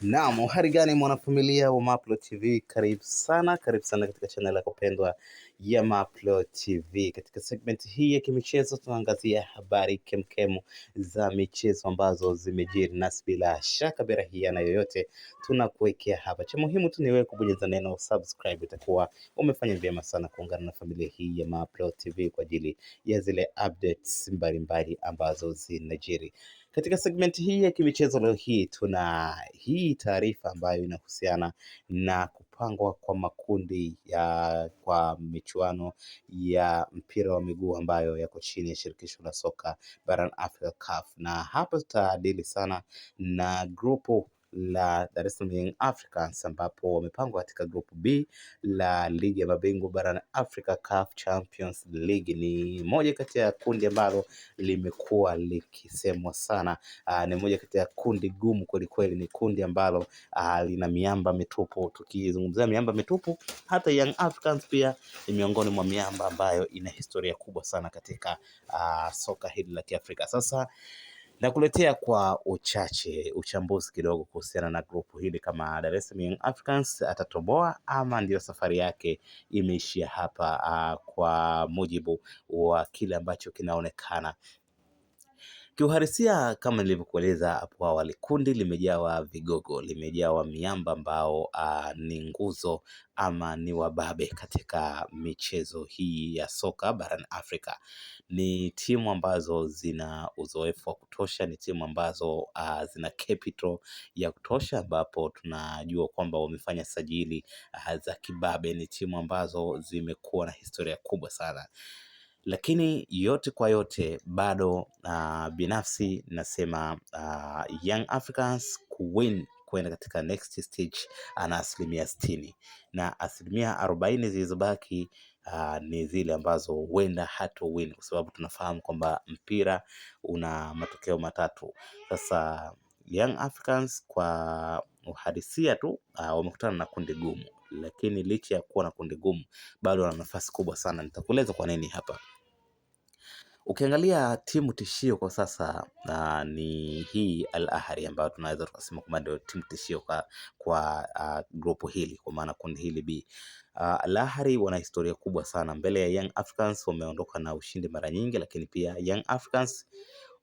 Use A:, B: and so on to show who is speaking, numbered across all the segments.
A: Naam, uhari gani mwanafamilia wa Mapro TV, karibu sana, karibu sana katika channel yako pendwa ya Mapro TV. Katika segment hii ya kimichezo, tunaangazia habari kemkemu za michezo ambazo zimejiri, nasi bila shaka berahiana yoyote tunakuwekea hapa. Cha muhimu tu ni wewe kubonyeza neno subscribe, itakuwa umefanya vyema sana kuungana na familia hii ya Mapro TV kwa ajili ya zile updates mbalimbali ambazo zinajiri. Katika segmenti hii ya kimichezo leo hii tuna hii taarifa ambayo inahusiana na yamepangwa kwa makundi ya kwa michuano ya mpira wa miguu ambayo yako chini ya shirikisho la soka barani Afrika CAF na hapa tutadili sana na grupu la Dar es Salaam Young Africans ambapo wamepangwa katika group B la ligi ya mabingwa barani Africa CAF Champions League. Ni moja kati ya kundi ambalo limekuwa likisemwa sana. Aa, ah, ni moja kati ya kundi gumu kwelikweli, ni kundi ambalo ah, lina miamba mitupu. Tukizungumzia miamba mitupu, hata Young Africans pia ni miongoni mwa miamba ambayo ina historia kubwa sana katika aa, ah, soka hili la Kiafrika sasa na kuletea kwa uchache uchambuzi kidogo kuhusiana na grupu hili, kama Dar es Salaam Young Africans atatoboa ama ndiyo safari yake imeishia hapa, uh, kwa mujibu wa kile ambacho kinaonekana kiuharisia kama nilivyokueleza hapo awali, kundi limejawa vigogo, limejawa miamba ambao ah, ni nguzo ama ni wababe katika michezo hii ya soka barani Afrika. Ni timu ambazo zina uzoefu wa kutosha, ni timu ambazo uh, zina capital ya kutosha, ambapo tunajua kwamba wamefanya sajili uh, za kibabe. Ni timu ambazo zimekuwa na historia kubwa sana lakini yote kwa yote bado uh, binafsi nasema uh, Young Africans kuwin kwenda katika next stage ana asilimia sitini na asilimia arobaini zilizobaki uh, ni zile ambazo huenda hato win kwa sababu tunafahamu kwamba mpira una matokeo matatu. Sasa Young Africans kwa uhalisia tu uh, wamekutana na kundi gumu, lakini licha ya kuwa na kundi gumu bado wana nafasi kubwa sana. Nitakueleza kwa nini hapa. Ukiangalia timu tishio kwa sasa na ni hii Al Ahly ambayo tunaweza tukasema kwamba ndio timu tishio kwa, kwa uh, grupu hili kwa maana kundi hili B. Uh, Al Ahly wana historia kubwa sana mbele ya Young Africans, wameondoka na ushindi mara nyingi, lakini pia Young Africans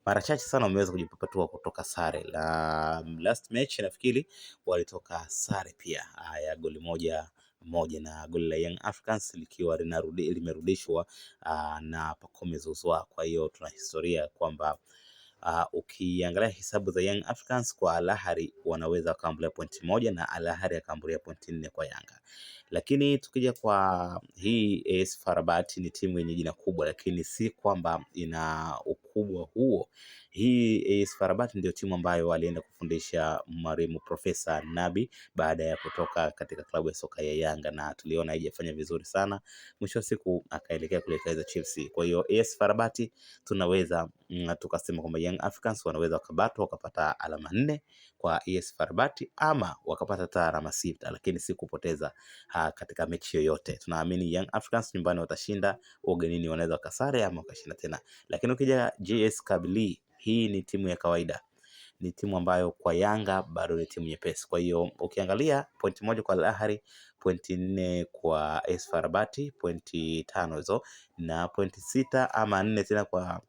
A: mara chache sana wameweza kujipapatua kutoka sare. La, last match nafikiri walitoka sare pia ya goli moja moja na goli la Young Africans likiwa linarudi, limerudishwa uh, na Pacome Zouzoua. Kwa hiyo tuna historia kwamba Uh, ukiangalia hesabu za Young Africans kwa Alahari wanaweza wakaambulia pointi moja na Alahari akaambulia pointi nne kwa Yanga, lakini tukija kwa hii AS FAR Rabat ni timu yenye jina kubwa, lakini si kwamba ina ukubwa huo. Hii AS Isfarabati ndio timu ambayo walienda kufundisha mwalimu Profesa Nabi baada ya kutoka katika klabu ya soka ya Yanga, na tuliona haijafanya vizuri sana, mwisho wa siku akaelekea kule Kaizer Chiefs. Kwa hiyo AS Isfarabati tunaweza mm, tukasema kwamba Young Africans wanaweza wakabatwa wakapata alama nne kwa AS Isfarabati ama wakapata hata alama sita, lakini si kupoteza ha, katika mechi yoyote. Tunaamini Young Africans nyumbani watashinda, ugenini wanaweza wakasare ama wakashinda tena, lakini ukija JS Kabylie hii ni timu ya kawaida, ni timu ambayo kwa Yanga bado ni timu nyepesi. Kwa hiyo ukiangalia pointi moja kwa Lahari, Ahly, pointi nne kwa AS FAR Rabat, pointi tano hizo na pointi sita ama nne tena kwa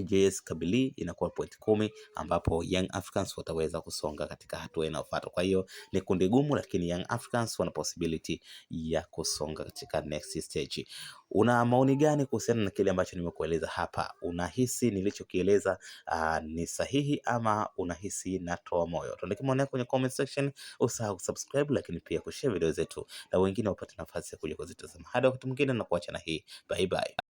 A: JS Kabili inakuwa point kumi ambapo Young Africans wataweza kusonga katika hatua inayofuata. Kwa hiyo ni kundi gumu, lakini Young Africans wana possibility ya kusonga katika next stage. Una maoni gani kuhusiana na kile ambacho nimekueleza hapa? Unahisi nilichokieleza uh, ni sahihi ama unahisi natoa moyo? Tuandike maoni yako kwenye comment section, usahau kusubscribe, lakini pia kushare video zetu na wengine wapate nafasi ya kuja kuzitazama. Hadi wakati mwingine, na kuacha na hii, bye bye.